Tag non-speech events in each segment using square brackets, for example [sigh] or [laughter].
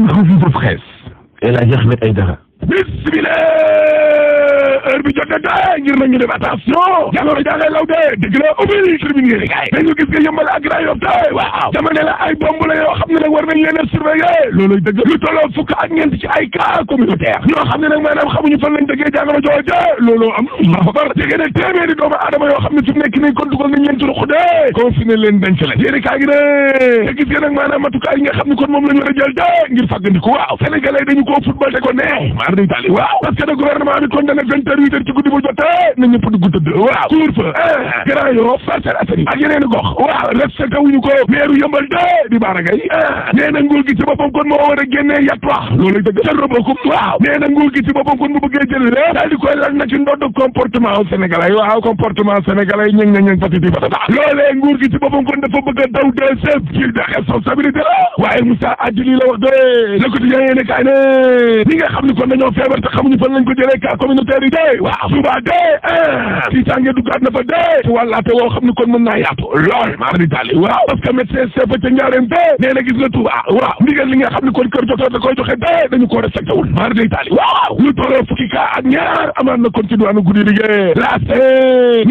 conférence de presse El Hadj Ahmed Aïdara bismillah heure bi jot na de ngir na ñu def attention jàngoro jàngay law de dëgg la ubbi tribune yéene kaay dañu gis nga yëmbal ak Grand Yoff de waaw dama ne la ay bomb la yoo xam ne nag war nañ leen a surveiller loolu dëgg lu tolloo fukk ak ñeent ci ay cas communautaire ñoo xam ne nag maanaam xamuñu fan lañ dëggee jàngoro jooju loolu am Allahu akbar jege ne téeméeri doomu aadama yoo xam ne fi mu nekk nii kon dugal nañ leen turux de confiné leen denc leen yéene kaay gi de te gis nga nag maanaam matukaay yi nga xam ne kon moom la ñu war a jël de ngir fàggandiku waaw sénégalais dañu koo football te ko neex maar day tali waaw parce que gouvernement bi kon dana heure huit heures ci guddi bu jotee eh, na ñëpp dugg tëdd waaw couvre-feu eh, Grand Yoff Parcelles Assainies ak yeneen gox waaw respecté wuñu ko meeru yëmbal de di baara gay eh. nee na nguur gi ci boppam kon moo war a génnee yat wax loolu dëgg ca robokum waaw nee na nguur gi ci boppam kon bu bëggee jël lépp daal di koy lan na ci ndodd comportement sénégalais waaw comportement sénégalais ñëng na ñëng fatiti fatata loolee nguur gi ci boppam kon dafa bëgg a daw de chef ci de responsabilité la waaye Moussa Adjili la wax de le quotidien yéene kaay ne ñi nga xam ne kon dañoo feebar te xamuñu fan lañ ko jëlee cas communautaire yi dee waaw Touba dee kii eh, tànge duggaat na fa dee ci wàllaate woo xam ne kon mën naa yaatu lool maa di tàlli waaw parce que médecin chef ca njaareem dee nee na gis nga Touba waaw ndigal li nga da koy joxe dee dañu koo respecté wul maa di tàlli waaw lu tolloo fukki kaa ak ñaar amaat na kon ci diwaanu guddi liggéey laas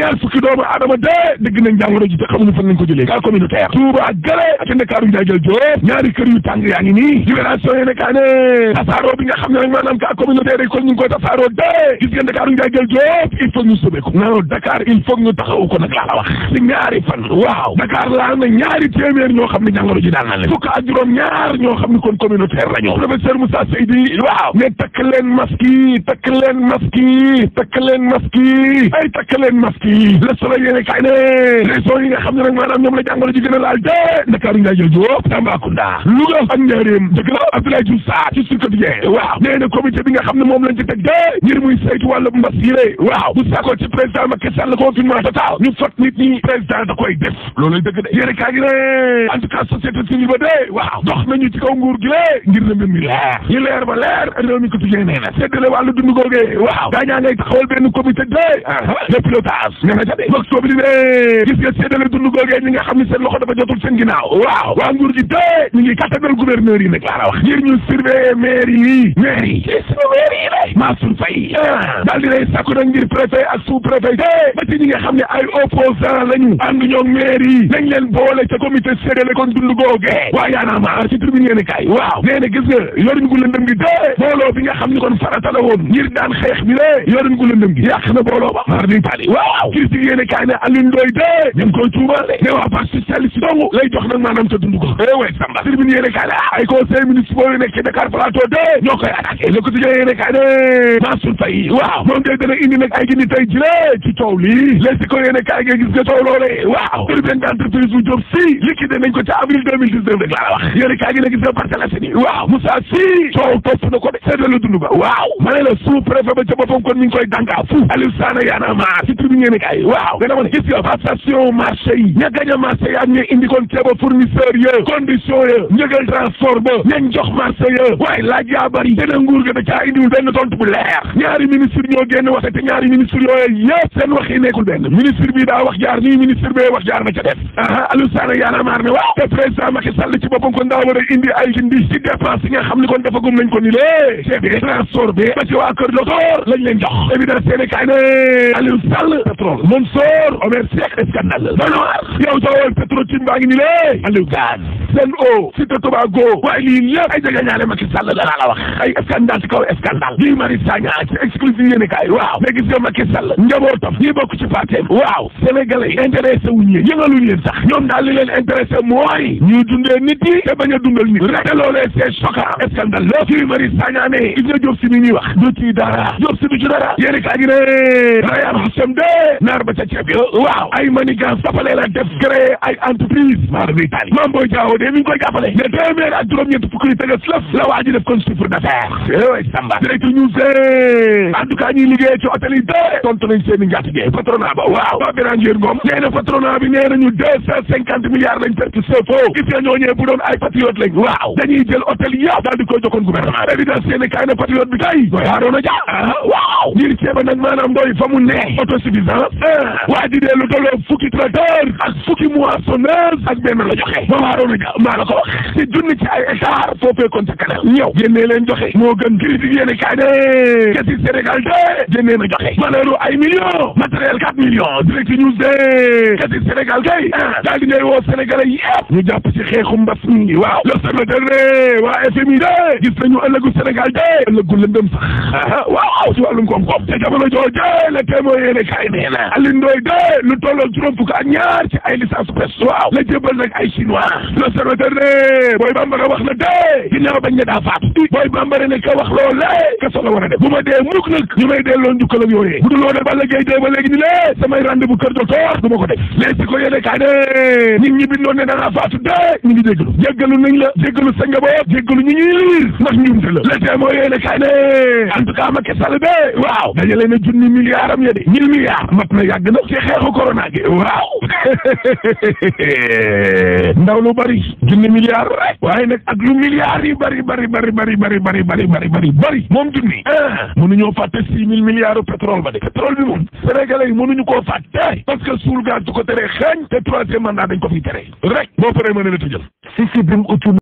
ñaar fukki doomu aadama dee dégg nañ jàngoro ji te xamuñu fan lañ ko jëlee kaa communautaire Touba ak Ndakaaru njaajël Joob ñaari kër yu tàng yaa ngi nii libération yi kaa ne tasaaroo nga xam ne nag maanaam kaa communautaire yi kon tasaaroo dee gis nga Dakar Ndiagel il faut ñu ko non taxawu ko nag laa wax si ñaari fan waaw Dakar laal na ñaari téeméer ñoo xam ne jàngoro ji daal na leen fukk ak juróom ñaar ñoo xam ne kon communautaire la ñoo professeur Moussa Seydi waaw ne takk leen masque yi takk leen masque yi takk leen masque yi ay takk leen masque yi le soleil yéene kaay yi nga xam ne nag maanaam ñoom la jàngoro ji gën a laal de Dakar Ndiagel Diop Tambacounda Louga ak Ndiarème dëgg la Abdoulaye Diouf Sarr ci Sud Quotidien waaw nee na comité bi nga xam ne moom lañ ci teg de ngir muy Pape Mbass yilée waaw bu sàkkoo ci président Macky Sall confinement total ñu fot nit ñi président da koy def looluy dëgg de yéene kaa gi ne en tout cas société civile ba dee waaw dox nañu ci kaw nguur gi ngir na mbir mi leer ñu leer ba leer mi ko tijjee nee na séddale wàllu dund googee waaw gaa ñaa ngay taxawal benn comité de de ah, pilotage nee na ca nga nga xam ne seen loxo dafa jotul seen ginnaaw waaw waa nguur gi de ñu ngi kattanal gouverneur yi nag laa la wax ngir ñu surveiller maire yi maire di lay sàkku nag ngir préfet ak sous préfet té ba ci ñi nga xam ne ay opposant lañu àndu ñoo maire yi nañ leen boole kon dund googee waa yaanaa maar ci tribune yéen kaay waaw gis nga yoruñ gu gi dee booloo bi xam ne kon farata la ngir daan xeex bi lé yoruñ gu gi yàq na booloo ba maar di tali waaw critique yéen kaay ne Alioune Ndoye dee ñu ngi koy tuumaale ne waa parti socialiste dong lay jox nag maanaam ca dund ko eh samba tribune yéen kaay la ay conseil municipal moom day dana indi nag ay gindi tey jëlee ci coow lii les si ko yéene kaay ngay gis nga coow loolee waaw urbaine d'entreprise bu Diop ko ca avril 2019 rek laa la wax yéene kaay gi ne gis nga Parcelles Assainies waaw Moussa si coow topp na ko de waaw ma ne la ba ca boppam kon mi koy dànkaa fu Aliou Sane yaana maar si tribune yéene waaw nga dama ne gis nga passation marché yi ña gañ a marché yaag ba ñañ jox marché ya waaye yaa bari dana nguur ga da caa indiwul ñoo wax te ñaari ministre yooyu yëpp seen wax yi nekkul benn ministre bi daa wax jaar nii ministre bee wax jaar na ca def aha Aliou Sané yaana maar ne waaw te président Macky Sall ci boppam kon daa war a indi ay gindi ci dépense nga xam ni kon defagum nañ ko ni lée chef de transport bi ba ci waa kër docteur lañ leen jox évidence seene kaay ne Aliou Sall pétrole Monsoor Omer Seck scandale donoar yow joowal la la wax ay scandale ci kaw scandale lii Mari Sagna ci exclusive yéenekaay waaw ne gis nga Macky Sall njabootam ñi bokk ci parteem waaw sénégalais yi intéressé wuñ leen yëngaluñ leen sax ñoom daal li leen intéressé mooy ñuy dundee nit yi te bañ a dundal nit rek te loolee c'est choquant scandale la ci Mari si ni ñuy wax du ci dara Diop si du ci dara yéenekaay gi ne Rayane de naar ba ca ceeb yo waaw ay manigance tapalee la def créer ay entreprise mar bi tali maam booy jaawo de koy jàppale ne téeméer ak juróom-ñetti fukk ñuy liggéey ci hôtel yi dee tontu nañ seen i ngàttigee patronat ba waaw ba Birane Ndiér Ngom nee na patronat bi nee nañu deux cent cinquante milliards lañ perte ce faux gis ay patriote lañ waaw dañuy jël hôtel yëpp di koy jokkoon gouvernement évidence yéene kaay na patriote bi tey mooy Harouna Dia ah, waaw ngir ceeba nag maanaam doy fa ne autosuffisance waa ji dee lu tolloo tracteur ak fukki moissonneuse ak benn la joxe moo gën critique yéene kaay kesi Sénégal génnee a joxe valeur ay millions matériel quatre millions direct news de katik Sénégal kay ah daal di ngay woo sénégalais yëpp ñu jàpp ci xeexu mbas mi waaw l'observateur ne waa FMI de gis a ëllëgu Sénégal de ëllëgu lëndëm sax ah, waaw ci wàllum koom-koom te jamono jooje la témoin yéene kaay nee na Alioune Ndoye de lu tolloo juróom fukk a ñaar ci ay licence presse waaw la jébal nag ay chinois l'observateur ne booy bambara wax na de ginnaaw bañ ne daa faatu booy bambara ne ka wax a lay delloo njukkal ak yooyee bu dul woon Balla Gaye ba léegi ni lée samay rendez-vous kër docteur du ko def léeg si ko yéene kaay ne nit ñi bindoon ne danaa faatu dee ñu ngi jéggalu jéggalu nañ la jéggalu sa jéggalu ñu ñuy ndax njuumte la le tee moo kaay ne en tout cas Macky Sall de waaw dañu leen a junni milliard am ya de mille milliards mat na yàgg na ci xeexu corona gi waaw [laughs] ndaw lu bari junni milliard rek waaye nag ak lu milliards yi bari bari bari bari bari bari bari bari bari bari moom junni ah mënuñoo fàtte six mille milliards pétrole ba de pétrole bi moom sénégalais yi mënuñu koo fàtte parce que suul gaz du ko tere xeeñ te troisième mandat dañ ko fi tere rek boo paree mën na la tëjal